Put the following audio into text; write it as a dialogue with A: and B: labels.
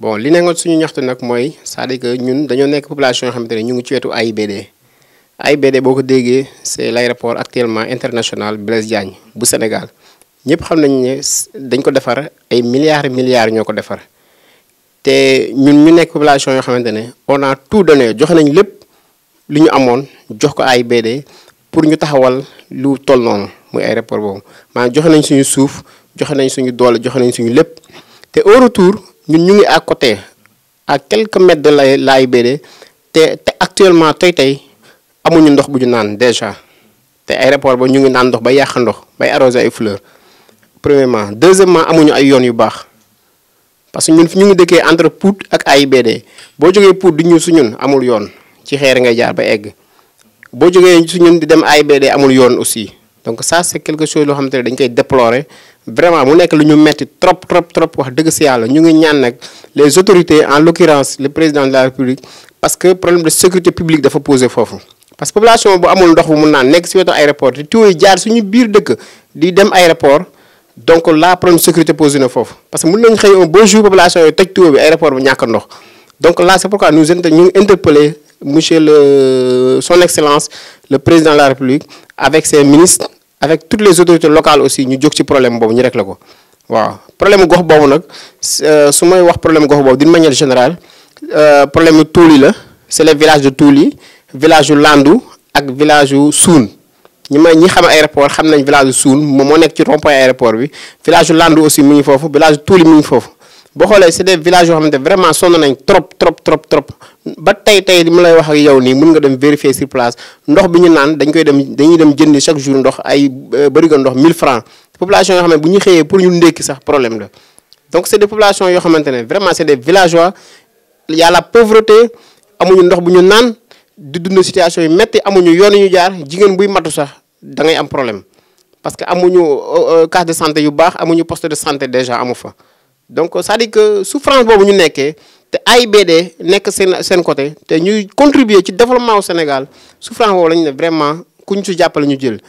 A: bon li nekkoon suñu ñaxtu nag mooy c'est-à-dire que ñun dañoo nekk population yoo xamante ne ñu ngi ci wetu AIBD AIBD boo ko déggee c'est l'aéroport actuellement international Blaise Diagne bu Sénégal ñëpp xam nañ ne dañ ko defar ay milliards milliards ñoo ko defar te ñun ñu nekk population yoo xamante ne on a tout donné jox nañ lépp lu ñu amoon jox ko AIBD pour ñu taxawal lu toll noonu muy aéroport boobu maa joxe nañ suñu suuf joxe nañ suñu doole joxe nañ suñu lépp Nous ñu à côté à quelques mètres de te actuellement tay amuñu ndox déjà te aéroport ba ñu ngi ndox ba ndox bay arroser ay fleurs premièrement deuxièmement amuñu ay yoon yu parce que ñun fi ñu ngi entre Pout ak AIBD bo joggé Pout à ñu ci jaar ba di dem AIBD aussi donc ça c'est quelque chose que nous déplorons. dañ vraiment mu nek lu metti trop trop trop wax deug ci ñu ngi ñaan les autorités en l'occurrence le président de la république parce que problème de sécurité publique dafa posé fofu parce que population bu amul ndox bu mun naan nekk si aéroport te tuyaux jaar suñu biir deuk di dem aéroport donc la problème sécurité posé na fofu parce que si nañ xey un beau jour population est tej train bi aéroport bi ñak ndox donc là c'est pourquoi nous ñu interpellé monsieur le son excellence le président de la république avec ses ministres avec toutes les autorités locales aussi ñu jóg ci problème bobu ñu rek la ko waaw problème gox bobu nak euh, su may wax problème gox boobu d'une manière générale euh, problème de la c'est les villages de Touli village Landou Landu ak village de Soun. ñi may ñi xam aéroport xam nañ village de Soun, mo nek ci rond-point aéroport bi village de Landu aussi mu village de Tuuli boo xoolee c'est des villages yoo xam vraiment sonn nañ trop trop trop trop ba tey tey li mu lay wax ak yow nii mun nga dem vérifier sur place ndox bi ñu naan dañ koy dem dañuy dem jënd chaque jour ndox ay euh, barigo ndox 1000 francs population yoo xam ne bu ñu xëyee pour ñu ndékki sax problème la donc c'est des populations yoo xamante vraiment c'est des villageois il y a la pauvreté amuñu ndox bu ñu di dund situation yu métti amuñu yoon yu ñu jaar jigéen buy matu sax da ngay am problème parce que amuñu euh, euh, case de santé yu baax amuñu poste de santé déjà amu fa. donc ça dit que souffrance bobu ñu nekké té AIBD nekk sen sen côté té ñuy contribuer ci développement au Sénégal souffrance bobu lañ né vraiment kuñ ci jappal ñu jël.